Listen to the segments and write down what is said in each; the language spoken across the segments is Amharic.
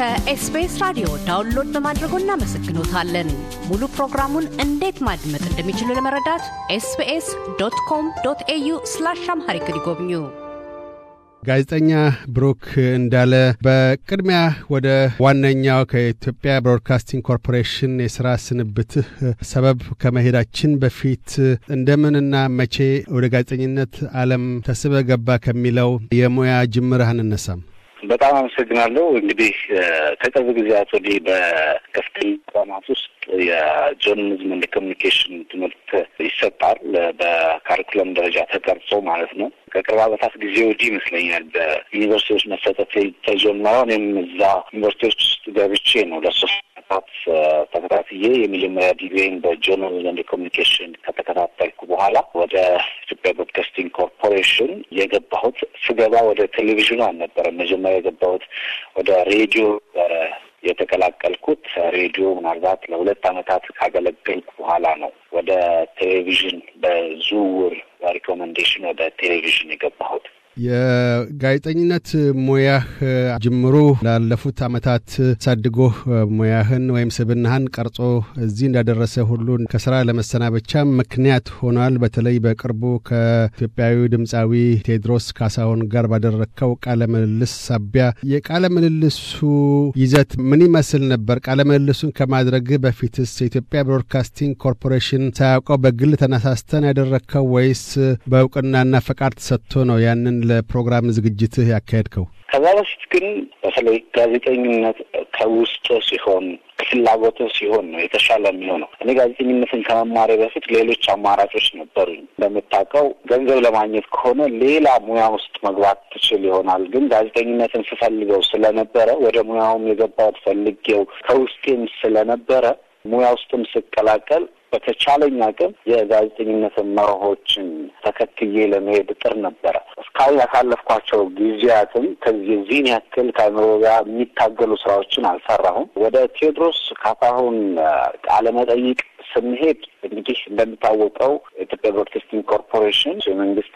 ከኤስቢኤስ ራዲዮ ዳውንሎድ በማድረጎ እናመሰግኖታለን። ሙሉ ፕሮግራሙን እንዴት ማድመጥ እንደሚችሉ ለመረዳት ኤስቢኤስ ዶት ኮም ዶት ኤዩ ስላሽ አምሃሪክ ይጎብኙ። ጋዜጠኛ ብሩክ እንዳለ፣ በቅድሚያ ወደ ዋነኛው ከኢትዮጵያ ብሮድካስቲንግ ኮርፖሬሽን የስራ ስንብትህ ሰበብ ከመሄዳችን በፊት እንደምንና መቼ ወደ ጋዜጠኝነት ዓለም ተስበ ገባ ከሚለው የሙያ ጅምርህ አንነሳም? በጣም አመሰግናለሁ። እንግዲህ ከቅርብ ጊዜያት ወዲህ በከፍተኛ ተቋማት ውስጥ የጆርናሊዝም እንደ ኮሚኒኬሽን ትምህርት ይሰጣል። በካሪኩለም ደረጃ ተቀርጾ ማለት ነው። ከቅርብ ዓመታት ጊዜ ወዲህ ይመስለኛል በዩኒቨርሲቲዎች መሰጠት ተጀመረ። እኔም እዛ ዩኒቨርሲቲዎች ውስጥ ገብቼ ነው ለሶስት ዓመታት ተከታትዬ የመጀመሪያ ዲግሪን በጆርናሊዝም እንደ ኮሚኒኬሽን ከተከታተልኩ በኋላ ወደ ኮርፖሬሽን የገባሁት ስገባ ወደ ቴሌቪዥኑ አልነበረም። መጀመሪያ የገባሁት ወደ ሬዲዮ ነበረ የተቀላቀልኩት። ሬዲዮ ምናልባት ለሁለት አመታት ካገለገልኩ በኋላ ነው ወደ ቴሌቪዥን በዝውውር ሪኮመንዴሽን ወደ ቴሌቪዥን የገባሁት። የጋዜጠኝነት ሙያህ ጅምሩ ላለፉት ዓመታት ሳድጎ ሙያህን ወይም ስብናህን ቀርጾ እዚህ እንዳደረሰ ሁሉ ከስራ ለመሰናበቻ ምክንያት ሆኗል። በተለይ በቅርቡ ከኢትዮጵያዊ ድምፃዊ ቴዎድሮስ ካሳሁን ጋር ባደረግከው ቃለ ምልልስ ሳቢያ የቃለ ምልልሱ ይዘት ምን ይመስል ነበር? ቃለ ምልልሱን ከማድረግ በፊትስ የኢትዮጵያ ብሮድካስቲንግ ኮርፖሬሽን ሳያውቀው በግል ተነሳስተን ያደረግከው ወይስ በእውቅናና ፈቃድ ተሰጥቶ ነው ያንን ለፕሮግራም ዝግጅትህ ያካሄድከው? ከዛ በፊት ግን በተለይ ጋዜጠኝነት ከውስጡ ሲሆን ፍላጎት ሲሆን ነው የተሻለ የሚሆነው። እኔ ጋዜጠኝነትን ከመማሪ በፊት ሌሎች አማራጮች ነበሩኝ። እንደምታውቀው ገንዘብ ለማግኘት ከሆነ ሌላ ሙያ ውስጥ መግባት ትችል ይሆናል። ግን ጋዜጠኝነትን ስፈልገው ስለነበረ ወደ ሙያውም የገባሁት ፈልጌው ከውስጤም ስለነበረ ሙያ ውስጥም ስቀላቀል በተቻለኝ አቅም የጋዜጠኝነት መርሆችን ተከትዬ ለመሄድ እጥር ነበረ። እስካሁን ያሳለፍኳቸው ጊዜያትም ከዚህን ያክል ከአእምሮ ጋር የሚታገሉ ስራዎችን አልሰራሁም። ወደ ቴዎድሮስ ካሳሁን ቃለመጠይቅ ስንሄድ እንግዲህ እንደሚታወቀው ኢትዮጵያ ብሮድካስቲንግ ኮርፖሬሽን የመንግስት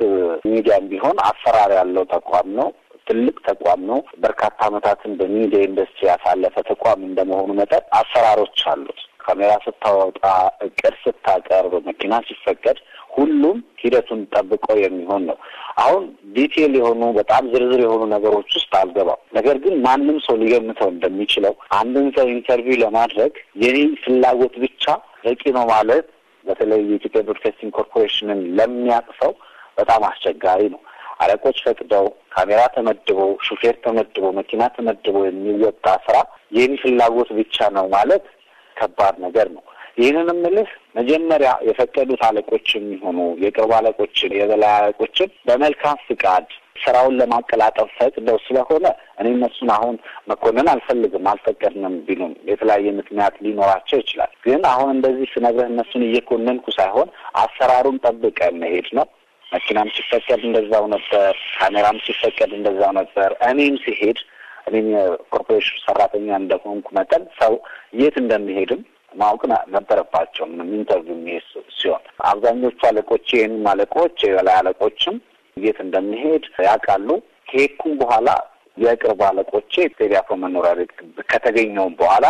ሚዲያም ቢሆን አሰራር ያለው ተቋም ነው። ትልቅ ተቋም ነው። በርካታ አመታትን በሚዲያ ኢንዱስትሪ ያሳለፈ ተቋም እንደመሆኑ መጠን አሰራሮች አሉት። ካሜራ ስታወጣ፣ እቅድ ስታቀርብ፣ መኪና ሲፈቀድ ሁሉም ሂደቱን ጠብቆ የሚሆን ነው። አሁን ዲቴል የሆኑ በጣም ዝርዝር የሆኑ ነገሮች ውስጥ አልገባም። ነገር ግን ማንም ሰው ሊገምተው እንደሚችለው አንድን ሰው ኢንተርቪው ለማድረግ የኔን ፍላጎት ብቻ በቂ ነው ማለት በተለይ የኢትዮጵያ ብሮድካስቲንግ ኮርፖሬሽንን ለሚያቅፈው በጣም አስቸጋሪ ነው። አለቆች ፈቅደው ካሜራ ተመድቦ ሹፌር ተመድቦ መኪና ተመድቦ የሚወጣ ስራ የኔ ፍላጎት ብቻ ነው ማለት ከባድ ነገር ነው። ይህንን ምልህ መጀመሪያ የፈቀዱት አለቆች የሚሆኑ የቅርብ አለቆችን የበላይ አለቆችን በመልካም ፍቃድ ስራውን ለማቀላጠፍ ፈቅደው ስለሆነ እኔ እነሱን አሁን መኮንን አልፈልግም አልፈቀድንም ቢሉም የተለያየ ምክንያት ሊኖራቸው ይችላል። ግን አሁን እንደዚህ ስነግረህ እነሱን እየኮነንኩ ሳይሆን አሰራሩን ጠብቀ መሄድ ነው። መኪናም ሲፈቀድ እንደዛው ነበር። ካሜራም ሲፈቀድ እንደዛው ነበር። እኔም ሲሄድ እኔም የኮርፖሬሽን ሰራተኛ እንደሆንኩ መጠን ሰው የት እንደሚሄድም ማወቅ ነበረባቸው። ምንም ኢንተርቪው የሚሄድ ሲሆን አብዛኞቹ አለቆች ይህንም አለቆች የበላይ አለቆችም የት እንደሚሄድ ያውቃሉ። ከሄድኩም በኋላ የቅርብ አለቆቼ ቴዲ መኖሪያ ቤት ከተገኘውም በኋላ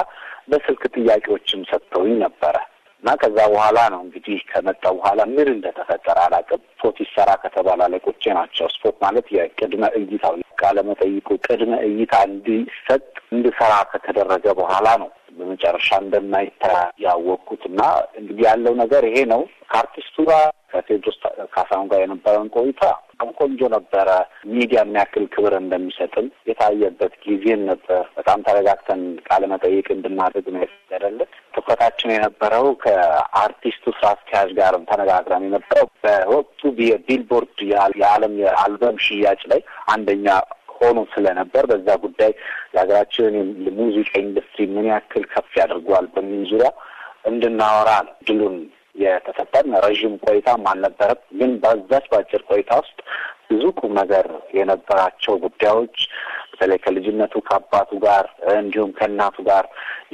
በስልክ ጥያቄዎችም ሰጥተውኝ ነበረ። እና ከዛ በኋላ ነው እንግዲህ ከመጣ በኋላ ምን እንደተፈጠረ አላውቅም። ስፖርት ይሰራ ከተባለ አለቆቼ ናቸው። ስፖርት ማለት የቅድመ እይታው ቃለመጠይቁ ቅድመ እይታ እንዲሰጥ እንድሰራ ከተደረገ በኋላ ነው በመጨረሻ እንደማይተራ ያወቅኩት እና እንግዲህ ያለው ነገር ይሄ ነው። ከአርቲስቱ ጋር ከቴድሮስ ካሳሁን ጋር የነበረን ቆይታ በጣም ቆንጆ ነበረ። ሚዲያ የሚያክል ክብር እንደሚሰጥም የታየበት ጊዜን ነበር። በጣም ተረጋግተን ቃለ መጠይቅ እንድናደርግ ነው የተደረገልን። ትኩረታችን የነበረው ከአርቲስቱ ስራ አስኪያጅ ጋርም ተነጋግረን የነበረው በወቅቱ የቢልቦርድ የዓለም የአልበም ሽያጭ ላይ አንደኛ ሆኖ ስለነበር በዛ ጉዳይ የሀገራችን ሙዚቃ ኢንዱስትሪ ምን ያክል ከፍ ያደርጓል በሚል ዙሪያ እንድናወራ ነው ድሉን የተሰጠን። ረዥም ቆይታም አልነበረም፣ ግን በዛች በአጭር ቆይታ ውስጥ ብዙ ቁም ነገር የነበራቸው ጉዳዮች በተለይ ከልጅነቱ ከአባቱ ጋር እንዲሁም ከእናቱ ጋር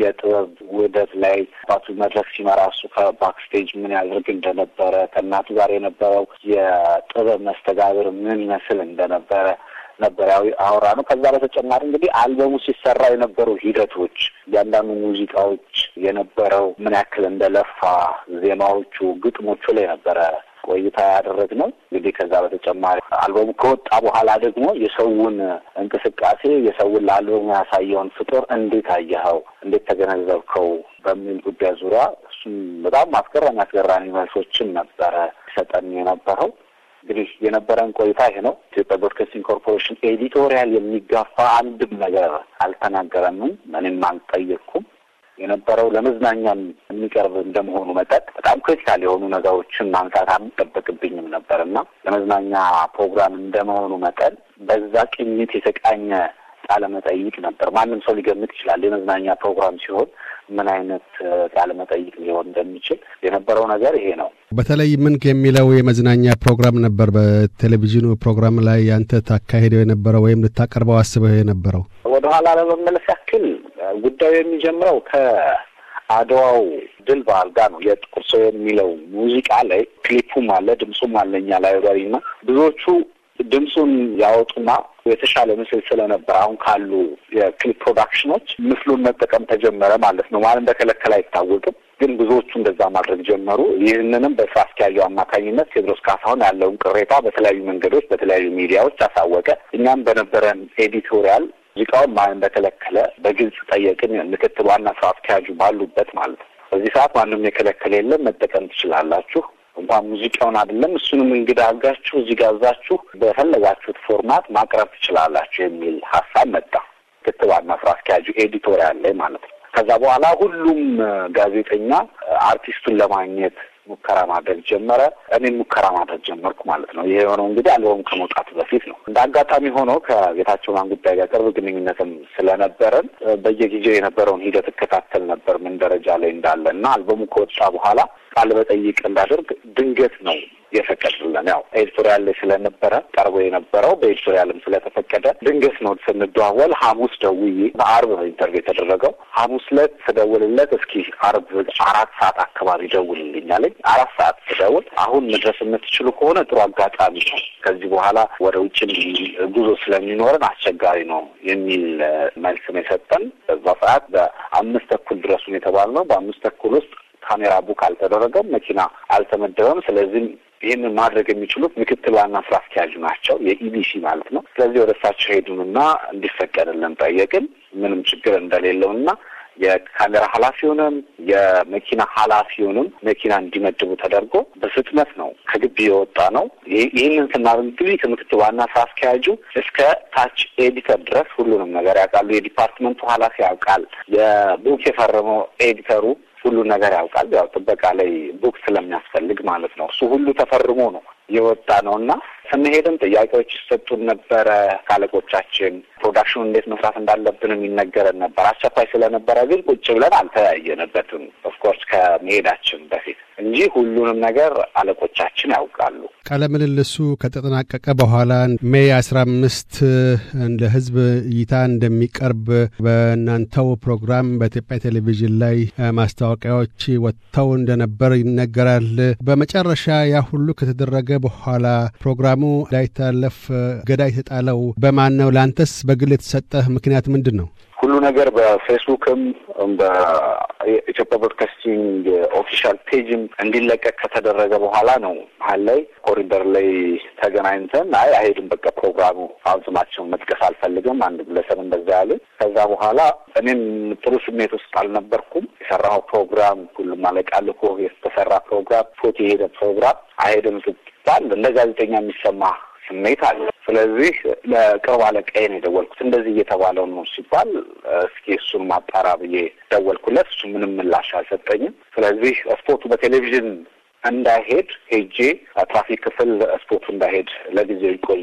የጥበብ ውህደት ላይ አባቱ መድረክ ሲመራ እሱ ከባክስቴጅ ምን ያደርግ እንደነበረ፣ ከእናቱ ጋር የነበረው የጥበብ መስተጋብር ምን ይመስል እንደነበረ ነበር አውራ ነው። ከዛ በተጨማሪ እንግዲህ አልበሙ ሲሰራ የነበሩ ሂደቶች፣ እያንዳንዱ ሙዚቃዎች የነበረው ምን ያክል እንደለፋ ዜማዎቹ፣ ግጥሞቹ ላይ ነበረ ቆይታ ያደረግነው እንግዲህ ከዛ በተጨማሪ አልበሙ ከወጣ በኋላ ደግሞ የሰውን እንቅስቃሴ የሰውን ለአልበሙ ያሳየውን ፍጡር እንዴት አየኸው፣ እንዴት ተገነዘብከው በሚል ጉዳይ ዙሪያ እሱም በጣም አስገራሚ አስገራሚ መልሶችን ነበረ ሰጠን የነበረው። እንግዲህ የነበረን ቆይታ ይሄ ነው። ኢትዮጵያ ብሮድካስቲንግ ኮርፖሬሽን ኤዲቶሪያል የሚጋፋ አንድም ነገር አልተናገረምም፣ ምንም አልጠየቅኩም። የነበረው ለመዝናኛም የሚቀርብ እንደመሆኑ መጠን በጣም ክሪቲካል የሆኑ ነገሮችን ማንሳት ነበር ነበርና ለመዝናኛ ፕሮግራም እንደመሆኑ መጠን በዛ ቅኝት የተቃኘ ቃለመጠይቅ ነበር። ማንም ሰው ሊገምት ይችላል የመዝናኛ ፕሮግራም ሲሆን ምን አይነት ቃለ መጠይቅ ሊሆን እንደሚችል የነበረው ነገር ይሄ ነው። በተለይ ምንክ የሚለው የመዝናኛ ፕሮግራም ነበር። በቴሌቪዥኑ ፕሮግራም ላይ ያንተ ታካሄደው የነበረው ወይም ልታቀርበው አስበው የነበረው ወደኋላ ለመመለስ ያክል ጉዳዩ የሚጀምረው ከአድዋው ድል በዓል ጋር ነው። የጥቁር ሰው የሚለው ሙዚቃ ላይ ክሊፑም አለ፣ ድምፁም አለኛ ላይብራሪ እና ብዙዎቹ ድምፁን ያወጡና የተሻለ ምስል ስለነበር አሁን ካሉ የክሊፕ ፕሮዳክሽኖች ምስሉን መጠቀም ተጀመረ ማለት ነው። ማን እንደከለከለ አይታወቅም፣ ግን ብዙዎቹ እንደዛ ማድረግ ጀመሩ። ይህንንም በስራ አስኪያጁ አማካኝነት ቴድሮስ ካሳሁን ያለውን ቅሬታ በተለያዩ መንገዶች በተለያዩ ሚዲያዎች አሳወቀ። እኛም በነበረን ኤዲቶሪያል ሙዚቃውን ማን እንደከለከለ በግልጽ ጠየቅን። ምክትል ዋና ስራ አስኪያጁ ባሉበት ማለት ነው። በዚህ ሰዓት ማንም የከለከለ የለም፣ መጠቀም ትችላላችሁ እንኳን ሙዚቃውን አይደለም እሱንም እንግዳ አድርጋችሁ እዚህ ጋብዛችሁ በፈለጋችሁት ፎርማት ማቅረብ ትችላላችሁ የሚል ሀሳብ መጣ። ክትባና ስራ አስኪያጁ ኤዲቶሪያል ላይ ማለት ነው። ከዛ በኋላ ሁሉም ጋዜጠኛ አርቲስቱን ለማግኘት ሙከራ ማድረግ ጀመረ። እኔም ሙከራ ማድረግ ጀመርኩ ማለት ነው። ይሄ የሆነው እንግዲህ አልበሙ ከመውጣቱ በፊት ነው። እንደ አጋጣሚ ሆኖ ከጌታቸው ማን ጉዳይ ጋር ቅርብ ግንኙነትም ስለነበረን በየጊዜው የነበረውን ሂደት እከታተል ነበር ምን ደረጃ ላይ እንዳለ እና አልበሙ ከወጣ በኋላ ቃለ መጠይቅ እንዳደርግ ድንገት ነው የፈቀድልን ያው ኤዲቶሪያል ላይ ስለነበረ ቀርቦ የነበረው በኤዲቶሪያልም ስለተፈቀደ ድንገት ነው ስንደዋወል ሐሙስ ደውዬ በአርብ ነው ኢንተርቪው የተደረገው። ሐሙስ ዕለት ስደውልለት እስኪ አርብ አራት ሰዓት አካባቢ ደውልልኝ አለኝ። አራት ሰዓት ስደውል አሁን መድረስ የምትችሉ ከሆነ ጥሩ አጋጣሚ ነው፣ ከዚህ በኋላ ወደ ውጭ ጉዞ ስለሚኖረን አስቸጋሪ ነው የሚል መልስ ነው የሰጠን። በዛ ሰዓት በአምስት ተኩል ድረሱን የተባልነው በአምስት ተኩል ውስጥ ካሜራ ቡክ አልተደረገም፣ መኪና አልተመደበም። ስለዚህም ይህንን ማድረግ የሚችሉት ምክትል ዋና ስራ አስኪያጅ ናቸው፣ የኢቢሲ ማለት ነው። ስለዚህ ወደ እሳቸው ሄዱንና እንዲፈቀድልን ጠየቅን። ምንም ችግር እንደሌለውና የካሜራ ኃላፊውንም የመኪና ኃላፊውንም መኪና እንዲመድቡ ተደርጎ በፍጥነት ነው ከግቢ የወጣ ነው። ይህንን ስናደርግ ጊዜ ከምክትል ዋና ስራ አስኪያጁ እስከ ታች ኤዲተር ድረስ ሁሉንም ነገር ያውቃሉ። የዲፓርትመንቱ ኃላፊ ያውቃል። የቡክ የፈረመው ኤዲተሩ ሁሉን ነገር ያውቃል። ያው ጥበቃ ላይ ቡክ ስለሚያስፈልግ ማለት ነው። እሱ ሁሉ ተፈርሞ ነው የወጣ ነው እና ስንሄድም ጥያቄዎች ይሰጡን ነበረ ካለቆቻችን። ፕሮዳክሽኑ እንዴት መስራት እንዳለብንም ይነገረን ነበር። አስቸኳይ ስለነበረ ግን ቁጭ ብለን አልተያየንበትም። ኦፍኮርስ ከመሄዳችን በፊት እንጂ ሁሉንም ነገር አለቆቻችን ያውቃሉ። ቃለ ምልልሱ ከተጠናቀቀ በኋላ ሜይ አስራ አምስት ለህዝብ እይታ እንደሚቀርብ በእናንተው ፕሮግራም በኢትዮጵያ ቴሌቪዥን ላይ ማስታወቂያዎች ወጥተው እንደነበር ይነገራል። በመጨረሻ ያ ሁሉ ከተደረገ በኋላ ፕሮግራም ሰላሙ እንዳይተላለፍ ገዳይ የተጣለው በማን ነው? ለአንተስ በግል የተሰጠህ ምክንያት ምንድን ነው? ሁሉ ነገር በፌስቡክም በኢትዮጵያ ብሮድካስቲንግ ኦፊሻል ፔጅም እንዲለቀቅ ከተደረገ በኋላ ነው መሀል ላይ ኮሪደር ላይ ተገናኝተን አይ አይሄድም በቃ ፕሮግራሙ አብዝማቸውን መጥቀስ አልፈልግም አንድ ግለሰብ እንደዛ ያለ ከዛ በኋላ እኔም ጥሩ ስሜት ውስጥ አልነበርኩም። የሰራው ፕሮግራም ሁሉም አለቃልኮ የተሰራ ፕሮግራም ፎት የሄደ ፕሮግራም አይሄድም ስትባል እንደ ጋዜጠኛ የሚሰማ ስሜት አለ። ስለዚህ ለቅርብ አለቃዬ ነው የደወልኩት። እንደዚህ እየተባለው ነው ሲባል እስኪ እሱን ማጣራ ብዬ ደወልኩለት። እሱ ምንም ምላሽ አልሰጠኝም። ስለዚህ ስፖርቱ በቴሌቪዥን እንዳይሄድ ሄጄ ትራፊክ ክፍል ስፖርቱ እንዳይሄድ ለጊዜው ይቆይ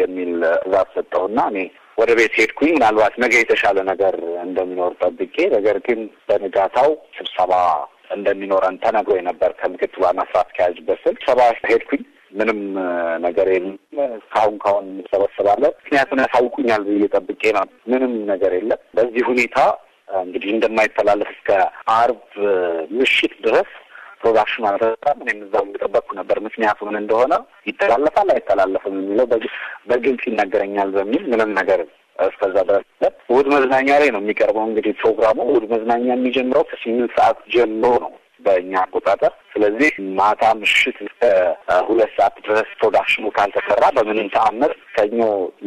የሚል ትዕዛዝ ሰጠውና እኔ ወደ ቤት ሄድኩኝ። ምናልባት ነገ የተሻለ ነገር እንደሚኖር ጠብቄ፣ ነገር ግን በንጋታው ስብሰባ እንደሚኖረን ተነግሮ የነበር ከምክትሏና ስራ አስኪያጅ በስል ስብሰባ ሄድኩኝ። ምንም ነገር የለም። ካሁን ካሁን እንሰበሰባለን። ምክንያቱን ያሳውቁኛል ብዬ ጠብቄ ነው። ምንም ነገር የለም። በዚህ ሁኔታ እንግዲህ እንደማይተላለፍ እስከ አርብ ምሽት ድረስ ፕሮዳክሽን አልተሰራም። እኔም እዛው እየጠበቅኩ ነበር። ምክንያቱ ምን እንደሆነ ይተላለፋል አይተላለፍም የሚለው በግልጽ ይነገረኛል በሚል ምንም ነገር እስከዛ ድረስ እሑድ መዝናኛ ላይ ነው የሚቀርበው። እንግዲህ ፕሮግራሙ እሑድ መዝናኛ የሚጀምረው ከስምንት ሰዓት ጀምሮ ነው በእኛ አቆጣጠር። ስለዚህ ማታ ምሽት ሁለት ሰዓት ድረስ ፕሮዳክሽኑ ካልተሰራ በምንም ተአምር ሰኞ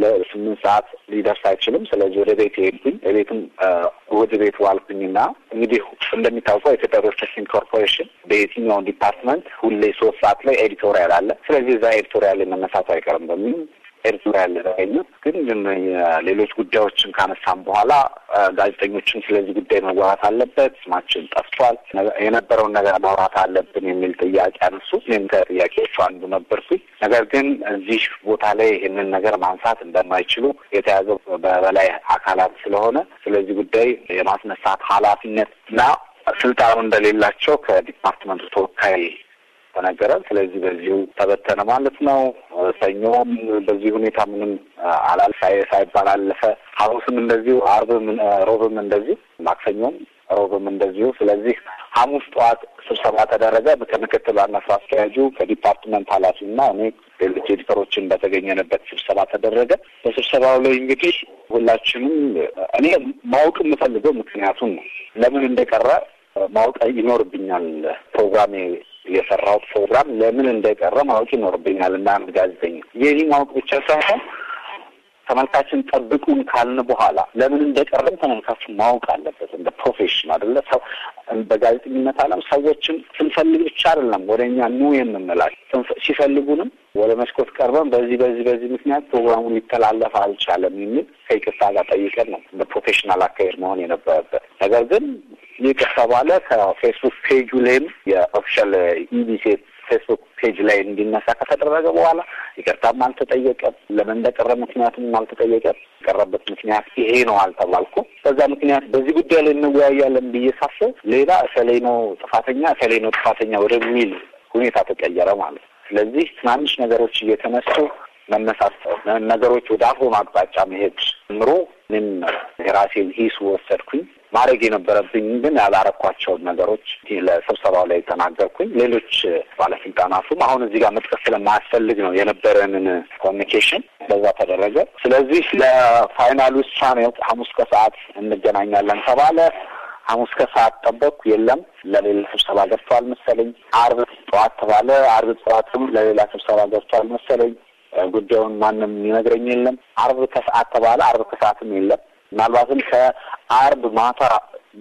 ለስምንት ሰዓት ሊደርስ አይችልም። ስለዚህ ወደ ቤት ሄድኩኝ። ቤትም ወደ ቤት ዋልኩኝና እንግዲህ እንደሚታወቀው የኢትዮጵያ ብሮድካስቲንግ ኮርፖሬሽን በየትኛውን ዲፓርትመንት ሁሌ ሶስት ሰዓት ላይ ኤዲቶሪያል አለ። ስለዚህ እዛ ኤዲቶሪያል ላይ መነሳቱ አይቀርም በሚል ኤድስ ላይ ያለ ያገኙት ግን ሌሎች ጉዳዮችን ካነሳም በኋላ ጋዜጠኞችን ስለዚህ ጉዳይ መዋራት አለበት፣ ስማችን ጠፍቷል፣ የነበረውን ነገር ማውራት አለብን የሚል ጥያቄ አነሱ። እኔም ከጥያቄዎቹ አንዱ ነበርኩኝ። ነገር ግን እዚህ ቦታ ላይ ይህንን ነገር ማንሳት እንደማይችሉ የተያዘው በበላይ አካላት ስለሆነ ስለዚህ ጉዳይ የማስነሳት ኃላፊነት እና ስልጣኑ እንደሌላቸው ከዲፓርትመንቱ ተወካይ ተነገረ። ስለዚህ በዚሁ ተበተነ ማለት ነው። ሰኞም በዚህ ሁኔታ ምንም አላልፋ ሳይባል አለፈ። ሐሙስም እንደዚሁ፣ አርብም፣ ሮብም እንደዚሁ፣ ማክሰኞም ሮብም እንደዚሁ። ስለዚህ ሐሙስ ጠዋት ስብሰባ ተደረገ ከምክትል ዋና ስራ አስኪያጁ ከዲፓርትመንት ኃላፊና እኔ ሌሎች ኤዲተሮችን በተገኘንበት ስብሰባ ተደረገ። በስብሰባው ላይ እንግዲህ ሁላችንም እኔ ማወቅ የምፈልገው ምክንያቱን ነው ለምን እንደቀረ ማወቅ ይኖርብኛል ፕሮግራሜ የሰራሁት ፕሮግራም ለምን እንደቀረ ማወቅ ይኖርብኛል እና አንድ ጋዜጠኛ የኔ ማወቅ ብቻ ሳይሆን ተመልካችን ጠብቁን ካልን በኋላ ለምን እንደቀረም ተመልካች ማወቅ አለበት። እንደ ፕሮፌሽን አደለ ሰው በጋዜጠኝነት ዓለም ሰዎችም ስንፈልግ ብቻ አደለም ወደ እኛ ኑ የምንላል ሲፈልጉንም ወደ መስኮት ቀርበን በዚህ በዚህ በዚህ ምክንያት ፕሮግራሙ ሊተላለፍ አልቻለም የሚል ከይቅርታ ጋር ጠይቀን ነው በፕሮፌሽናል አካሄድ መሆን የነበረበት ነገር ግን ይህ ባለ ከፌስቡክ ፔጁ ላይም የኦፊሻል ኢቢሲ ፌስቡክ ፔጅ ላይ እንዲነሳ ከተደረገ በኋላ ይቅርታም አልተጠየቀም። ለምን እንደቀረ ምክንያቱም አልተጠየቀም። የቀረበት ምክንያት ይሄ ነው አልተባልኩ። በዛ ምክንያት በዚህ ጉዳይ ላይ እንወያያለን ብዬ ሳስብ ሌላ እሰሌ ነው ጥፋተኛ እሰሌ ነው ጥፋተኛ ወደሚል ሁኔታ ተቀየረ ማለት ነው። ስለዚህ ትናንሽ ነገሮች እየተነሱ መመሳሰል፣ ነገሮች ወደ አፍሮ ማቅጣጫ መሄድ ምሮ ምን የራሴን ሂሱ ወሰድኩኝ። ማድረግ የነበረብኝ ግን ያላረኳቸውን ነገሮች ለስብሰባው ላይ ተናገርኩኝ። ሌሎች ባለስልጣናቱም አሁን እዚህ ጋር መጥቀስ ስለማያስፈልግ ነው የነበረንን ኮሚኒኬሽን በዛ ተደረገ። ስለዚህ ለፋይናል ውሳኔ ሐሙስ ከሰዓት እንገናኛለን ተባለ። ሐሙስ ከሰዓት ጠበቅኩ፣ የለም ለሌላ ስብሰባ ገብቷል መሰለኝ። አርብ ጠዋት ተባለ፣ አርብ ጠዋትም ለሌላ ስብሰባ ገብቷል መሰለኝ። ጉዳዩን ማንም የሚነግረኝ የለም። አርብ ከሰዓት ተባለ፣ አርብ ከሰዓትም የለም። ምናልባትም ከአርብ ማታ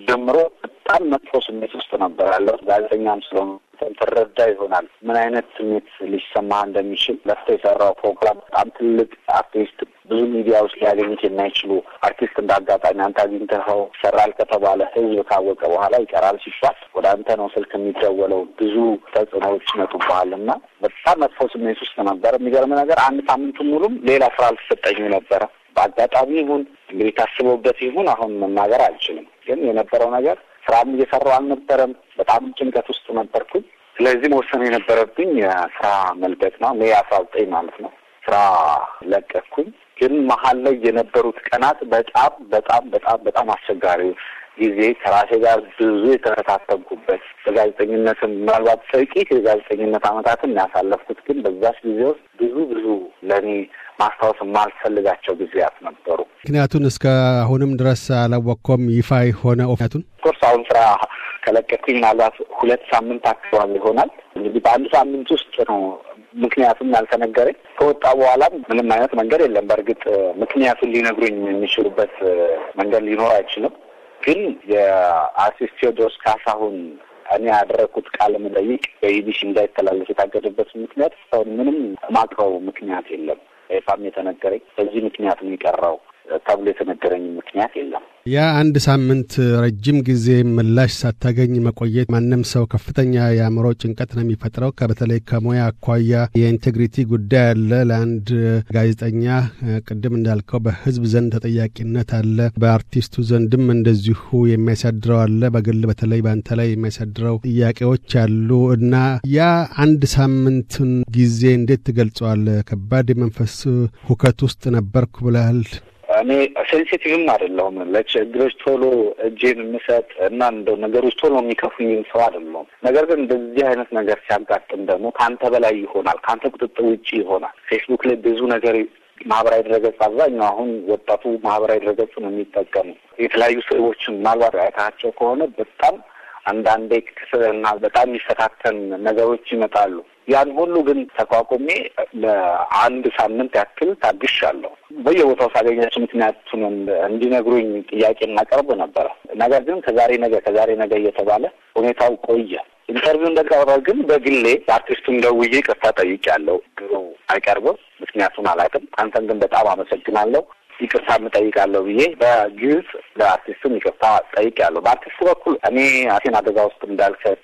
ጀምሮ በጣም መጥፎ ስሜት ውስጥ ነበር ያለሁት። ጋዜጠኛም ስለሆነ ተረዳ ይሆናል ምን አይነት ስሜት ሊሰማ እንደሚችል ለፍቶ የሰራው ፕሮግራም በጣም ትልቅ አርቲስት ብዙ ሚዲያ ውስጥ ሊያገኙት የማይችሉ አርቲስት እንደ አጋጣሚ አንተ አግኝተኸው ሰራል ከተባለ ህዝብ ካወቀ በኋላ ይቀራል ሲባል ወደ አንተ ነው ስልክ የሚደወለው። ብዙ ተጽዕኖዎች ይመጡብሃል እና በጣም መጥፎ ስሜት ውስጥ ነበር። የሚገርም ነገር አንድ ሳምንቱ ሙሉም ሌላ ስራ አልተሰጠኝም ነበረ። በአጋጣሚ ይሁን እንግዲህ ታስቦበት ይሁን አሁን መናገር አልችልም፣ ግን የነበረው ነገር ስራም እየሰራው አልነበረም። በጣም ጭንቀት ውስጥ ነበርኩኝ። ስለዚህ መወሰኑ የነበረብኝ ስራ መልቀቅ ነው። ሜ አስራ ዘጠኝ ማለት ነው ስራ ለቀኩኝ። ግን መሀል ላይ የነበሩት ቀናት በጣም በጣም በጣም በጣም አስቸጋሪ ጊዜ ከራሴ ጋር ብዙ የተፈታተንኩበት በጋዜጠኝነትም ምናልባት ጥቂት የጋዜጠኝነት ዓመታትን ያሳለፍኩት ግን በዛች ጊዜ ውስጥ ብዙ ብዙ ለእኔ ማስታወስ የማልፈልጋቸው ጊዜያት ነበሩ። ምክንያቱን እስከ አሁንም ድረስ አላወቅኩም። ይፋ የሆነ ምክንያቱን ኮርስ አሁን ስራ ከለቀኩኝ ምናልባት ሁለት ሳምንት አካባቢ ይሆናል። እንግዲህ በአንድ ሳምንት ውስጥ ነው ምክንያቱም ያልተነገረኝ ከወጣ በኋላም ምንም አይነት መንገድ የለም። በእርግጥ ምክንያቱን ሊነግሩኝ የሚችሉበት መንገድ ሊኖር አይችልም። ግን የአርቲስት ቴዎድሮስ ካሳሁን እኔ ያደረግኩት ቃለ መጠይቅ በይዲሽ እንዳይተላለፍ የታገደበት ምክንያት እስካሁን ምንም ማቅረቡ ምክንያት የለም። ይፋም የተነገረኝ በዚህ ምክንያት ነው የቀረው ተብሎ የተነገረኝ ምክንያት የለም። ያ አንድ ሳምንት ረጅም ጊዜ ምላሽ ሳታገኝ መቆየት ማንም ሰው ከፍተኛ የአእምሮ ጭንቀት ነው የሚፈጥረው። በተለይ ከሙያ አኳያ የኢንቴግሪቲ ጉዳይ አለ። ለአንድ ጋዜጠኛ ቅድም እንዳልከው በህዝብ ዘንድ ተጠያቂነት አለ፣ በአርቲስቱ ዘንድም እንደዚሁ የሚያሳድረው አለ፣ በግል በተለይ በአንተ ላይ የሚያሳድረው ጥያቄዎች አሉ እና ያ አንድ ሳምንትን ጊዜ እንዴት ትገልጸዋል? ከባድ የመንፈስ ሁከት ውስጥ ነበርኩ ብለሃል። እኔ ሴንሲቲቭም አይደለሁም ለችግሮች ቶሎ እጄን የምሰጥ እና እንደው ነገሮች ቶሎ የሚከፉኝም ሰው አይደለሁም። ነገር ግን በዚህ አይነት ነገር ሲያጋጥም ደግሞ ከአንተ በላይ ይሆናል፣ ከአንተ ቁጥጥር ውጭ ይሆናል። ፌስቡክ ላይ ብዙ ነገር ማህበራዊ ድረገጽ አብዛኛው አሁን ወጣቱ ማህበራዊ ድረገጽ ነው የሚጠቀሙ። የተለያዩ ሰዎችን ምናልባት አይታቸው ከሆነ በጣም አንዳንዴ ክስና በጣም የሚፈታተን ነገሮች ይመጣሉ። ያን ሁሉ ግን ተቋቁሜ ለአንድ ሳምንት ያክል ታግሻለሁ። በየቦታው ሳገኛቸው ምክንያቱን እንዲነግሩኝ ጥያቄ እናቀርብ ነበረ። ነገር ግን ከዛሬ ነገ ከዛሬ ነገ እየተባለ ሁኔታው ቆየ። ኢንተርቪው እንደቀረበ ግን በግሌ አርቲስቱን ደውዬ ይቅርታ ጠይቄያለሁ። ግሩ አይቀርብም፣ ምክንያቱን አላውቅም። አንተን ግን በጣም አመሰግናለሁ። ይቅርታ ምጠይቃለሁ ብዬ በግልጽ ለአርቲስቱም ይቅርታ ጠይቄያለሁ። በአርቲስት በኩል እኔ አሴን አደጋ ውስጥ እንዳልከት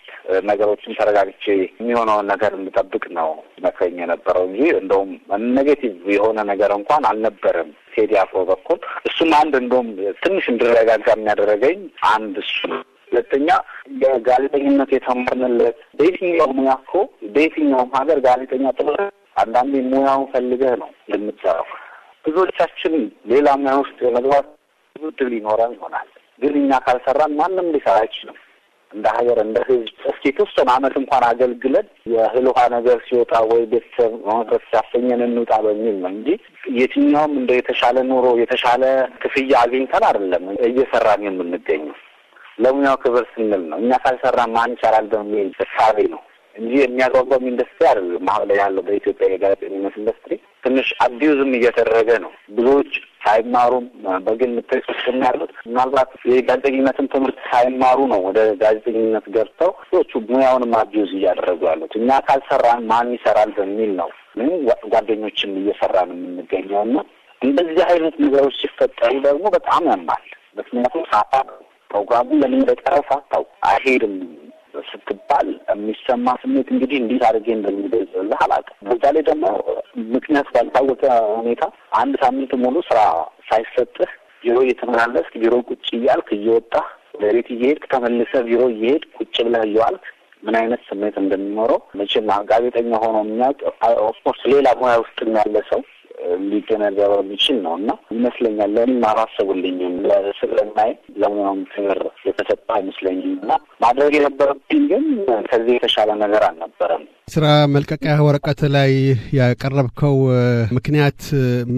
ነገሮችን ተረጋግቼ የሚሆነውን ነገር እንድጠብቅ ነው መክረኝ የነበረው እንጂ እንደውም ኔጌቲቭ የሆነ ነገር እንኳን አልነበረም። ቴዲ አፍሮ በኩል እሱም አንድ እንደውም ትንሽ እንድረጋጋ የሚያደረገኝ አንድ እሱ ነው። ሁለተኛ የጋዜጠኝነት የተማርንለት በየትኛው ሙያ እኮ በየትኛውም ሀገር ጋዜጠኛ ጥሎ አንዳንዴ ሙያውን ፈልገህ ነው የምትሰራው ብዙዎቻችን ሌላ ሙያ ውስጥ የመግባት ብዙ ድል ይኖረን ይሆናል። ግን እኛ ካልሰራን ማንም ሊሰራ አይችልም። እንደ ሀገር፣ እንደ ህዝብ እስኪ የተወሰነ አመት እንኳን አገልግለን የህልውሃ ነገር ሲወጣ ወይ ቤተሰብ መመስረት ሲያሰኘን እንውጣ በሚል ነው እንጂ የትኛውም እንደ የተሻለ ኑሮ የተሻለ ክፍያ አግኝተን አይደለም እየሰራን የምንገኘው። ለሙያው ክብር ስንል ነው። እኛ ካልሰራን ማን ይቻላል በሚል እሳቤ ነው እንጂ የሚያጓጓም ኢንዱስትሪ አይደለም። አሁን ላይ ያለው በኢትዮጵያ የጋራ ጤንነት ኢንዱስትሪ ትንሽ አቢዩዝም እየተደረገ ነው። ብዙዎች ሳይማሩም በግል ምትሪቶች ያሉት ምናልባት የጋዜጠኝነትን ትምህርት ሳይማሩ ነው ወደ ጋዜጠኝነት ገብተው ብዙዎቹ ሙያውንም አቢዩዝ እያደረጉ ያሉት። እኛ ካልሰራን ማን ይሰራል በሚል ነው ምን ጓደኞችም ነው የምንገኘው እና እንደዚህ አይነት ነገሮች ሲፈጠሩ ደግሞ በጣም ያማል። ምክንያቱም ሳታ ፕሮግራሙ ለምን እንደጨረሰ አታውቅም አይሄድም ስትባል የሚሰማ ስሜት እንግዲህ እንዲህ አድርጌ እንደሚገዝል አላውቅም። በዛ ላይ ደግሞ ምክንያት ባልታወቀ ሁኔታ አንድ ሳምንት ሙሉ ስራ ሳይሰጥህ ቢሮ እየተመላለስክ ቢሮ ቁጭ እያልክ እየወጣህ ለቤት እየሄድክ ተመልሰ ቢሮ እየሄድ ቁጭ ብለህ እየዋልክ ምን አይነት ስሜት እንደሚኖረው መቼም ጋዜጠኛ ሆኖ የሚያውቅ ኦፍኮርስ ሌላ ሙያ ውስጥ ያለ ሰው ሊገነዘበው የሚችል ነው እና ይመስለኛል ለምን አላሰቡልኝም ስለማይ ለሙያውም ክብር የተሰጠ አይመስለኝም እና ማድረግ የነበረብኝ ግን ከዚህ የተሻለ ነገር አልነበረም። ስራ መልቀቂያ ወረቀት ላይ ያቀረብከው ምክንያት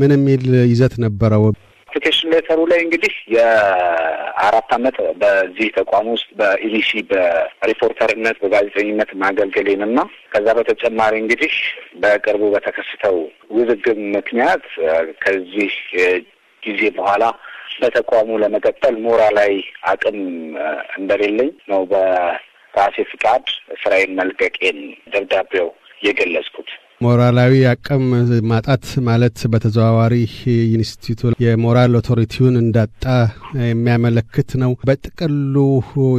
ምን የሚል ይዘት ነበረው? አፕሊኬሽን ሌተሩ ላይ እንግዲህ የአራት አመት በዚህ ተቋም ውስጥ በኢሊሲ በሪፖርተርነት በጋዜጠኝነት ማገልገሌን እና ከዛ በተጨማሪ እንግዲህ በቅርቡ በተከሰተው ውዝግብ ምክንያት ከዚህ ጊዜ በኋላ በተቋሙ ለመቀጠል ሞራላዊ አቅም እንደሌለኝ ነው በራሴ ፍቃድ ስራዬን መልቀቄን ደብዳቤው የገለጽኩት። ሞራላዊ አቅም ማጣት ማለት በተዘዋዋሪ ኢንስቲትዩቱ የሞራል ኦቶሪቲውን እንዳጣ የሚያመለክት ነው። በጥቅሉ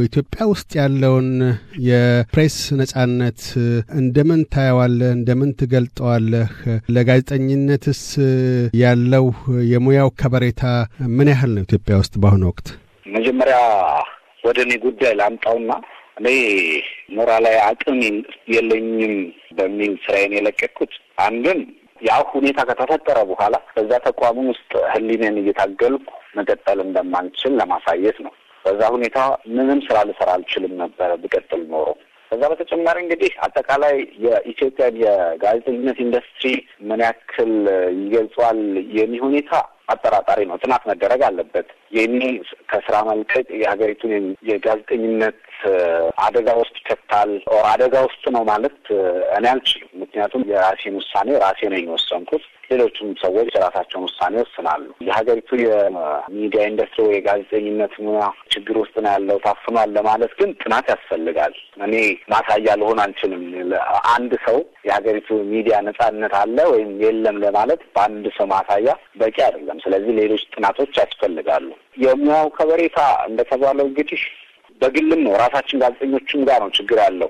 ኢትዮጵያ ውስጥ ያለውን የፕሬስ ነጻነት እንደምን ታየዋለህ? እንደምን ትገልጠዋለህ? ለጋዜጠኝነትስ ያለው የሙያው ከበሬታ ምን ያህል ነው ኢትዮጵያ ውስጥ በአሁኑ ወቅት? መጀመሪያ ወደ እኔ ጉዳይ ላምጣውና እኔ ሞራላዊ አቅም የለኝም በሚል ስራዬን የለቀቅኩት አንድን ያው ሁኔታ ከተፈጠረ በኋላ በዛ ተቋም ውስጥ ህሊኔን እየታገልኩ መቀጠል እንደማንችል ለማሳየት ነው። በዛ ሁኔታ ምንም ስራ ልሰራ አልችልም ነበረ ብቀጥል ኖሮ። ከዛ በተጨማሪ እንግዲህ አጠቃላይ የኢትዮጵያ የጋዜጠኝነት ኢንዱስትሪ ምን ያክል ይገልጿል የሚ ሁኔታ አጠራጣሪ ነው። ጥናት መደረግ አለበት። የኒ ከስራ መልቀቅ የሀገሪቱን የጋዜጠኝነት አደጋ ውስጥ ይከታል ኦር አደጋ ውስጥ ነው ማለት እኔ አልችልም። ምክንያቱም የራሴን ውሳኔ ራሴ ነው የሚወሰንኩት። ሌሎቹም ሰዎች የራሳቸውን ውሳኔ ይወስናሉ። የሀገሪቱ የሚዲያ ኢንዱስትሪ ወይ የጋዜጠኝነት ሙያ ችግር ውስጥ ነው ያለው ታፍኗል ለማለት ግን ጥናት ያስፈልጋል። እኔ ማሳያ ልሆን አልችልም። አንድ ሰው የሀገሪቱ ሚዲያ ነጻነት አለ ወይም የለም ለማለት በአንድ ሰው ማሳያ በቂ አይደለም። ስለዚህ ሌሎች ጥናቶች ያስፈልጋሉ። የሙያው ከበሬታ እንደተባለው እንግዲህ በግልም ነው ራሳችን ጋዜጠኞችም ጋር ነው ችግር ያለው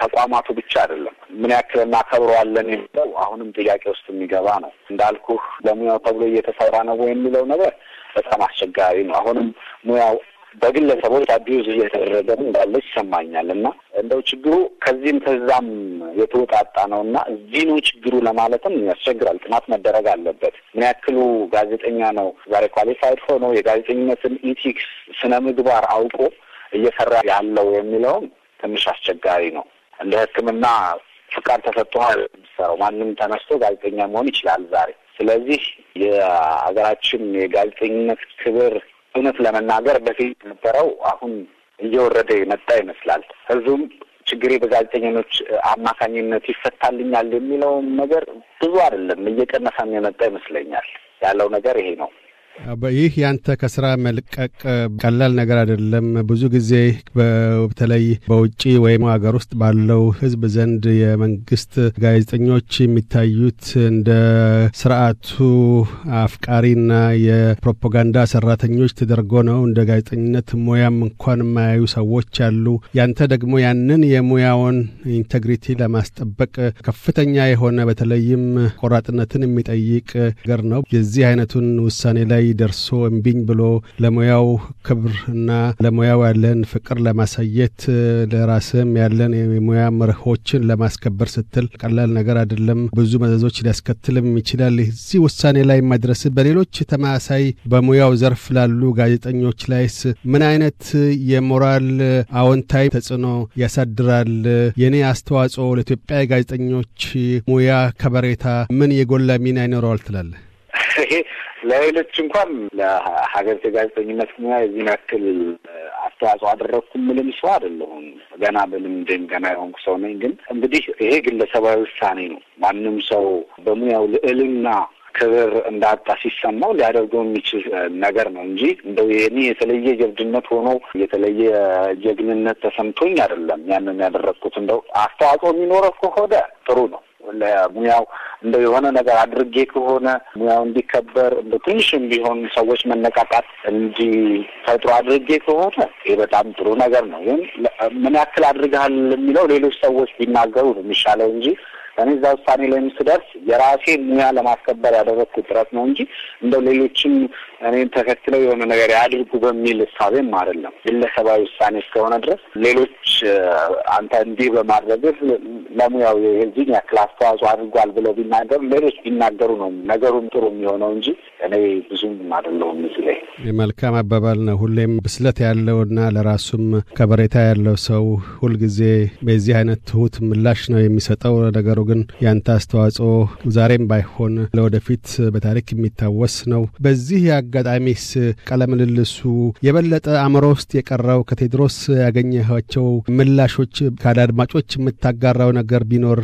ከተቋማቱ ብቻ አይደለም። ምን ያክል እናከብረዋለን የሚለው አሁንም ጥያቄ ውስጥ የሚገባ ነው። እንዳልኩህ ለሙያው ተብሎ እየተሰራ ነው የሚለው ነገር በጣም አስቸጋሪ ነው። አሁንም ሙያው በግለሰቦች አቢዩዝ እየተደረገ እንዳለ ይሰማኛል እና እንደው ችግሩ ከዚህም ከዛም የተወጣጣ ነው እና እዚህ ነው ችግሩ ለማለትም ያስቸግራል። ጥናት መደረግ አለበት። ምን ያክሉ ጋዜጠኛ ነው ዛሬ ኳሊፋይድ ሆኖ የጋዜጠኝነትን ኢቲክስ ስነ ምግባር አውቆ እየሰራ ያለው የሚለውም ትንሽ አስቸጋሪ ነው። እንደ ሕክምና ፍቃድ ተሰጥቷል የሚሰራው ማንም ተነስቶ ጋዜጠኛ መሆን ይችላል ዛሬ። ስለዚህ የሀገራችን የጋዜጠኝነት ክብር እውነት ለመናገር በፊት ነበረው አሁን እየወረደ የመጣ ይመስላል። ህዝቡም ችግሬ በጋዜጠኞች አማካኝነት ይፈታልኛል የሚለውን ነገር ብዙ አይደለም፣ እየቀነሰም የመጣ ይመስለኛል። ያለው ነገር ይሄ ነው። ይህ ያንተ ከስራ መልቀቅ ቀላል ነገር አይደለም። ብዙ ጊዜ በተለይ በውጭ ወይም ሀገር ውስጥ ባለው ሕዝብ ዘንድ የመንግስት ጋዜጠኞች የሚታዩት እንደ ስርዓቱ አፍቃሪና የፕሮፓጋንዳ ሰራተኞች ተደርጎ ነው። እንደ ጋዜጠኝነት ሙያም እንኳን የማያዩ ሰዎች አሉ። ያንተ ደግሞ ያንን የሙያውን ኢንቴግሪቲ ለማስጠበቅ ከፍተኛ የሆነ በተለይም ቆራጥነትን የሚጠይቅ ነገር ነው። የዚህ አይነቱን ውሳኔ ላይ ላይ ደርሶ እምቢኝ ብሎ ለሙያው ክብር እና ለሙያው ያለን ፍቅር ለማሳየት ለራስም ያለን የሙያ መርሆችን ለማስከበር ስትል ቀላል ነገር አይደለም። ብዙ መዘዞች ሊያስከትልም ይችላል። እዚህ ውሳኔ ላይ ማድረስ በሌሎች ተመሳሳይ በሙያው ዘርፍ ላሉ ጋዜጠኞች ላይስ ምን አይነት የሞራል አዎንታይ ተጽዕኖ ያሳድራል? የኔ አስተዋጽኦ ለኢትዮጵያ ጋዜጠኞች ሙያ ከበሬታ ምን የጎላ ሚና ይኖረዋል ትላለህ? ይሄ ለሌሎች እንኳን ለሀገር ጋዜጠኝነት ሙያ የዚህን ያክል አስተዋጽኦ አደረግኩ ምልም ሰው አይደለሁም። ገና በልምዴም ገና የሆንኩ ሰው ነኝ። ግን እንግዲህ ይሄ ግለሰባዊ ውሳኔ ነው። ማንም ሰው በሙያው ልዕልና ክብር እንዳጣ ሲሰማው ሊያደርገው የሚችል ነገር ነው እንጂ እንደው የኔ የተለየ ጀብድነት ሆኖ የተለየ ጀግንነት ተሰምቶኝ አይደለም። ያንን ያደረግኩት እንደው አስተዋጽኦ የሚኖረው ከሆነ ጥሩ ነው። ለሙያው እንደ የሆነ ነገር አድርጌ ከሆነ ሙያው እንዲከበር እንደ ትንሽም ቢሆን ሰዎች መነቃቃት እንዲፈጥሩ አድርጌ ከሆነ ይህ በጣም ጥሩ ነገር ነው። ግን ምን ያክል አድርገሃል የሚለው ሌሎች ሰዎች ቢናገሩ ነው የሚሻለው እንጂ እኔ እዛ ውሳኔ ላይ ምስደርስ የራሴ ሙያ ለማስከበር ያደረግኩ ጥረት ነው እንጂ እንደ ሌሎችም እኔን ተከትለው የሆነ ነገር ያድርጉ በሚል እሳቤም አይደለም። ግለሰባዊ ውሳኔ እስከሆነ ድረስ ሌሎች አንተ እንዲህ በማድረግህ ለሙያው የዚህን ያክል አስተዋጽኦ አድርጓል ብለው ቢናገሩ ሌሎች ቢናገሩ ነው ነገሩም ጥሩ የሚሆነው እንጂ እኔ ብዙም አይደለሁም። እዚህ ላይ የመልካም አባባል ነው። ሁሌም ብስለት ያለውና ለራሱም ከበሬታ ያለው ሰው ሁልጊዜ በዚህ አይነት ትሁት ምላሽ ነው የሚሰጠው። ነገሩ ግን ያንተ አስተዋጽኦ ዛሬም ባይሆን ለወደፊት በታሪክ የሚታወስ ነው። በዚህ አጋጣሚስ ቃለምልልሱ የበለጠ አእምሮ ውስጥ የቀረው ከቴድሮስ ያገኘኋቸው ምላሾች ካለ አድማጮች የምታጋራው ነገር ቢኖር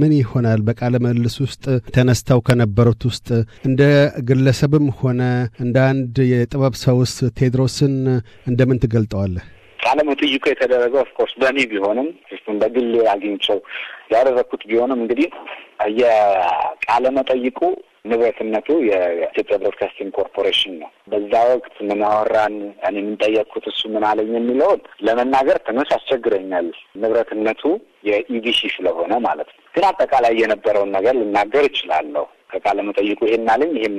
ምን ይሆናል? በቃለምልልስ ውስጥ ተነስተው ከነበሩት ውስጥ እንደ ግለሰብም ሆነ እንደ አንድ የጥበብ ሰውስ ቴድሮስን እንደምን ትገልጠዋለህ? ቃለመጠይቁ የተደረገው ኦፍኮርስ በእኔ ቢሆንም በግል አግኝቸው ያደረግኩት ቢሆንም እንግዲህ የቃለ መጠይቁ ንብረትነቱ የኢትዮጵያ ብሮድካስቲንግ ኮርፖሬሽን ነው። በዛ ወቅት ምን አወራን፣ እኔ የምንጠየቅኩት እሱ ምን አለኝ የሚለውን ለመናገር ትንሽ አስቸግረኛል። ንብረትነቱ የኢቢሲ ስለሆነ ማለት ነው። ግን አጠቃላይ የነበረውን ነገር ልናገር እችላለሁ። ከቃለ መጠይቁ ይሄን አለኝ ይሄም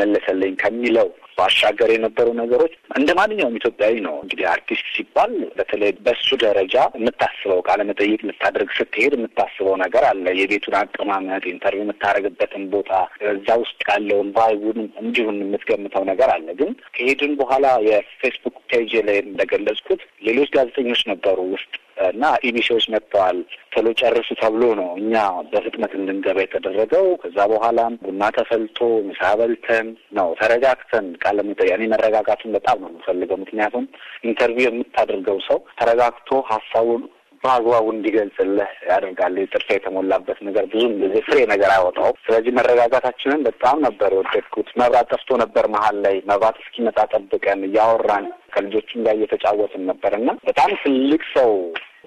መለሰልኝ ከሚለው ባሻገር የነበሩ ነገሮች እንደ ማንኛውም ኢትዮጵያዊ ነው። እንግዲህ አርቲስት ሲባል በተለይ በሱ ደረጃ የምታስበው ቃለመጠይቅ ልታደርግ ስትሄድ የምታስበው ነገር አለ። የቤቱን አቀማመጥ፣ ኢንተርቪው የምታደርግበትን ቦታ፣ እዛ ውስጥ ያለውን ባይቡን እንዲሁን የምትገምተው ነገር አለ። ግን ከሄድን በኋላ የፌስቡክ ፔጅ ላይ እንደገለጽኩት ሌሎች ጋዜጠኞች ነበሩ ውስጥ እና ኢቢሲዎች መጥተዋል ቶሎ ጨርሱ ተብሎ ነው እኛ በፍጥነት እንድንገባ የተደረገው። ከዛ በኋላም ቡና ተፈልቶ ምሳ በልተን ነው ተረጋግተን ቃለ መጠይቅ። እኔ መረጋጋቱን በጣም ነው የምፈልገው፣ ምክንያቱም ኢንተርቪው የምታደርገው ሰው ተረጋግቶ ሀሳቡን በአግባቡ እንዲገልጽልህ ያደርጋል። ጥርስ የተሞላበት ነገር ብዙም ጊዜ ፍሬ ነገር አይወጣው። ስለዚህ መረጋጋታችንን በጣም ነበር የወደድኩት። መብራት ጠፍቶ ነበር መሀል ላይ መብራት እስኪመጣ ጠብቀን እያወራን ከልጆችም ጋር እየተጫወትን ነበር እና በጣም ትልቅ ሰው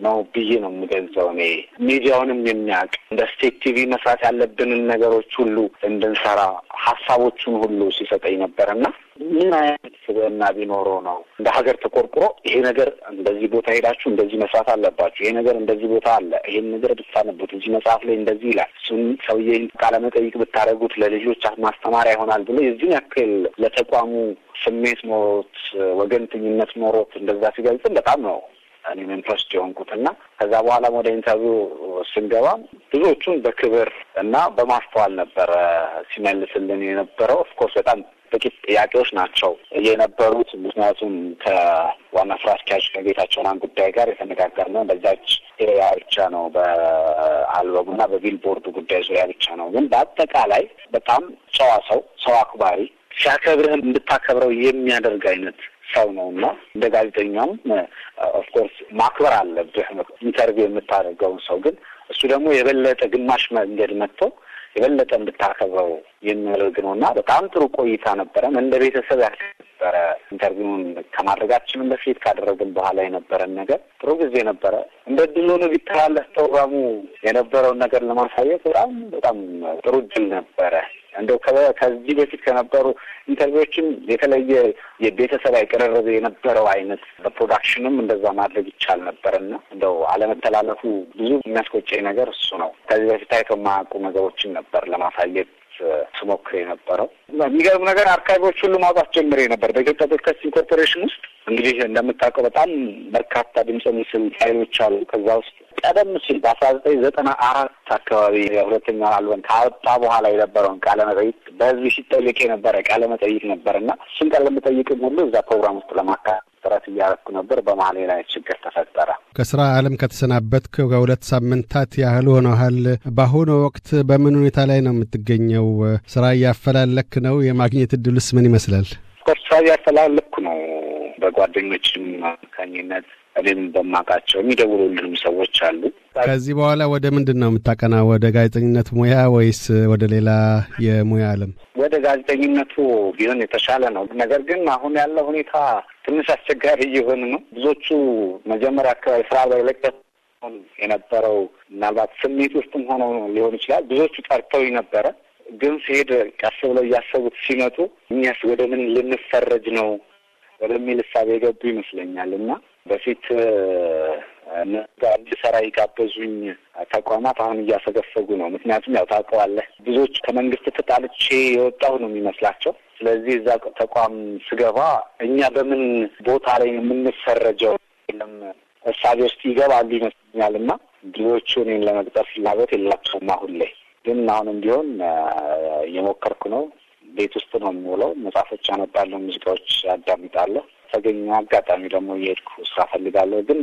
ነው ብዬ ነው የምገልጸው። እኔ ሚዲያውንም የሚያውቅ እንደ ስቴት ቲቪ መስራት ያለብንን ነገሮች ሁሉ እንድንሰራ ሀሳቦቹን ሁሉ ሲሰጠኝ ነበር እና ምን አይነት ስብዕና ቢኖረው ነው እንደ ሀገር ተቆርቁሮ ይሄ ነገር እንደዚህ ቦታ ሄዳችሁ እንደዚህ መስራት አለባችሁ፣ ይሄ ነገር እንደዚህ ቦታ አለ፣ ይሄን ነገር ብታነቡት እዚህ መጽሐፍ ላይ እንደዚህ ይላል፣ እሱን ሰውዬ ቃለመጠይቅ ብታደረጉት ለልጆች ማስተማሪያ ይሆናል ብሎ የዚህን ያክል ለተቋሙ ስሜት ኖሮት ወገንተኝነት ኖሮት እንደዛ ሲገልጽን በጣም ነው እኔም ኢንትረስት እና ከዛ በኋላም ወደ ኢንተርቪው ስንገባ ብዙዎቹን በክብር እና በማስተዋል ነበረ ሲመልስልን የነበረው። ኦፍኮርስ በጣም ጥቂት ጥያቄዎች ናቸው የነበሩት። ምክንያቱም ከዋና ስራ አስኪያጅ ከጌታቸው ናን ጉዳይ ጋር የተነጋገርነው በዛች ኤሪያ ብቻ ነው፣ በአልበሙና በቢልቦርዱ ጉዳይ ዙሪያ ብቻ ነው። ግን በአጠቃላይ በጣም ጨዋ ሰው፣ ሰው አክባሪ ሲያከብርህም እንድታከብረው የሚያደርግ አይነት ሰው ነው እና እንደ ጋዜጠኛም ኦፍኮርስ ማክበር አለብህ ኢንተርቪው የምታደርገውን ሰው። ግን እሱ ደግሞ የበለጠ ግማሽ መንገድ መጥቶ የበለጠ እንድታከብረው የሚያደርግ ነው እና በጣም ጥሩ ቆይታ ነበረን። እንደ ቤተሰብ ነበረ ኢንተርቪውን ከማድረጋችንም በፊት ካደረግን በኋላ የነበረን ነገር ጥሩ ጊዜ ነበረ። እንደ ድል ቢተላለፍ ፕሮግራሙ የነበረውን ነገር ለማሳየት በጣም በጣም ጥሩ ድል ነበረ። እንደው ከዚህ በፊት ከነበሩ ኢንተርቪዎችም የተለየ የቤተሰብ አይቀረረበ የነበረው አይነት በፕሮዳክሽንም እንደዛ ማድረግ ይቻል ነበርና እንደው አለመተላለፉ ብዙ የሚያስቆጨኝ ነገር እሱ ነው። ከዚህ በፊት ታይቶ የማያውቁ ነገሮችን ነበር ለማሳየት ስሞክር የነበረው። የሚገርም ነገር አርካይቦች ሁሉ ማውጣት ጀምሬ ነበር በኢትዮጵያ ብሮድካስቲንግ ኮርፖሬሽን ውስጥ እንግዲህ እንደምታውቀው በጣም በርካታ ድምፅ ምስል ኃይሎች አሉ። ከዛ ውስጥ ቀደም ሲል በአስራ ዘጠኝ ዘጠና አራት አካባቢ የሁለተኛውን አልበን ካወጣ በኋላ የነበረውን ቃለ መጠይቅ በህዝብ ሲጠየቅ የነበረ ቃለ መጠይቅ ነበር እና እሱን ቃለ ቃለመጠይቅም ሁሉ እዛ ፕሮግራም ውስጥ ለማካ ጥረት እያረኩ ነበር። በመሀል ላይ ችግር ተፈጠረ። ከስራ አለም ከተሰናበትክ ከሁለት ሳምንታት ያህል ሆነሃል። በአሁኑ ወቅት በምን ሁኔታ ላይ ነው የምትገኘው? ስራ እያፈላለክ ነው? የማግኘት እድሉስ ምን ይመስላል? ኦፍኮርስ ስራ እያፈላለኩ ነው በጓደኞችም አማካኝነት እኔም የሚደውሉ የሚደውሉልንም ሰዎች አሉ። ከዚህ በኋላ ወደ ምንድን ነው የምታቀና? ወደ ጋዜጠኝነት ሙያ ወይስ ወደ ሌላ የሙያ አለም? ወደ ጋዜጠኝነቱ ቢሆን የተሻለ ነው። ነገር ግን አሁን ያለው ሁኔታ ትንሽ አስቸጋሪ እየሆነ ነው። ብዙዎቹ መጀመሪያ አካባቢ ስራ በለቀት የነበረው ምናልባት ስሜት ውስጥም ሆነው ሊሆን ይችላል። ብዙዎቹ ጠርተው ነበረ ግን ሲሄድ ቀስ ብለው እያሰቡት ሲመጡ እኛስ ወደ ምን ልንፈረጅ ነው ወደሚል እሳቤ የገቡ ይመስለኛል እና በፊት ሰራ የጋበዙኝ ተቋማት አሁን እያሰገሰጉ ነው። ምክንያቱም ያው ታውቀዋለህ፣ ብዙዎች ከመንግስት ተጣልቼ የወጣሁ ነው የሚመስላቸው። ስለዚህ እዛ ተቋም ስገባ እኛ በምን ቦታ ላይ የምንፈረጀው ወይም እሳቤ ውስጥ ይገባሉ ይመስለኛል። እና ብዙዎቹ እኔን ለመቅጠር ፍላጎት የላቸውም። አሁን ላይ ግን አሁንም ቢሆን እየሞከርኩ ነው። ቤት ውስጥ ነው የምውለው። መጽሐፎች አነባለሁ፣ ሙዚቃዎች አዳምጣለሁ። በተገኘ አጋጣሚ ደግሞ የሄድኩ ስራ ፈልጋለሁ። ግን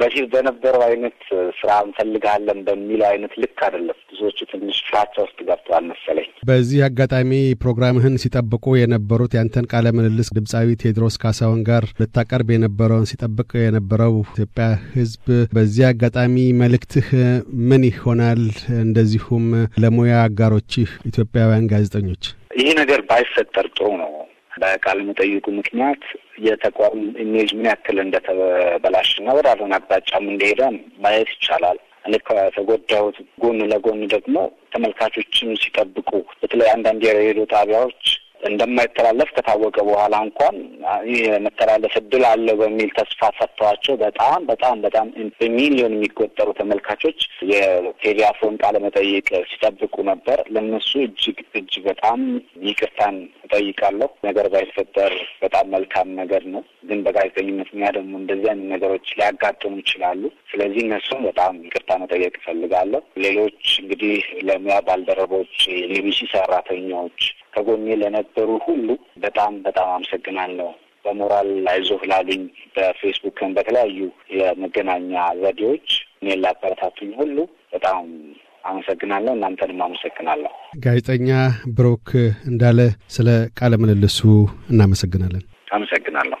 በፊት በነበረው አይነት ስራ እንፈልጋለን በሚለው አይነት ልክ አይደለም። ብዙዎቹ ትንሽ ፍራቻ ውስጥ ገብተዋል መሰለኝ። በዚህ አጋጣሚ ፕሮግራምህን ሲጠብቁ የነበሩት ያንተን ቃለ ምልልስ ድምፃዊ ቴድሮስ ካሳሁን ጋር ልታቀርብ የነበረውን ሲጠብቅ የነበረው ኢትዮጵያ ሕዝብ በዚህ አጋጣሚ መልእክትህ ምን ይሆናል? እንደዚሁም ለሙያ አጋሮችህ ኢትዮጵያውያን ጋዜጠኞች ይህ ነገር ባይፈጠር ጥሩ ነው። በቃል መጠይቁ ምክንያት የተቋም ኢሜጅ ምን ያክል እንደተበላሽና ወደ አልሆነ አቅጣጫም እንደሄደ ማየት ይቻላል። እኔ ከተጎዳሁት ጎን ለጎን ደግሞ ተመልካቾችን ሲጠብቁ በተለይ አንዳንድ የሬዲዮ ጣቢያዎች እንደማይተላለፍ ከታወቀ በኋላ እንኳን ይህ የመተላለፍ እድል አለው በሚል ተስፋ ሰጥተዋቸው በጣም በጣም በጣም በሚሊዮን የሚቆጠሩ ተመልካቾች የቴሌፎን ቃለ መጠይቅ ሲጠብቁ ነበር። ለነሱ እጅግ እጅግ በጣም ይቅርታን እጠይቃለሁ። ነገር ባይፈጠር በጣም መልካም ነገር ነው፣ ግን በጋዜጠኝነት እኛ ደግሞ እንደዚህ አይነት ነገሮች ሊያጋጥሙ ይችላሉ። ስለዚህ እነሱም በጣም ይቅርታ መጠየቅ እፈልጋለሁ። ሌሎች እንግዲህ ለሙያ ባልደረቦች፣ የቢቢሲ ሰራተኛዎች ከጎኔ ለነበሩ ሁሉ በጣም በጣም አመሰግናለሁ። በሞራል አይዞህ ላሉኝ በፌስቡክም በተለያዩ የመገናኛ ዘዴዎች እኔን ላበረታቱኝ ሁሉ በጣም አመሰግናለሁ። እናንተንም አመሰግናለሁ። ጋዜጠኛ ብሮክ እንዳለ ስለ ቃለ ምልልሱ እናመሰግናለን። አመሰግናለሁ።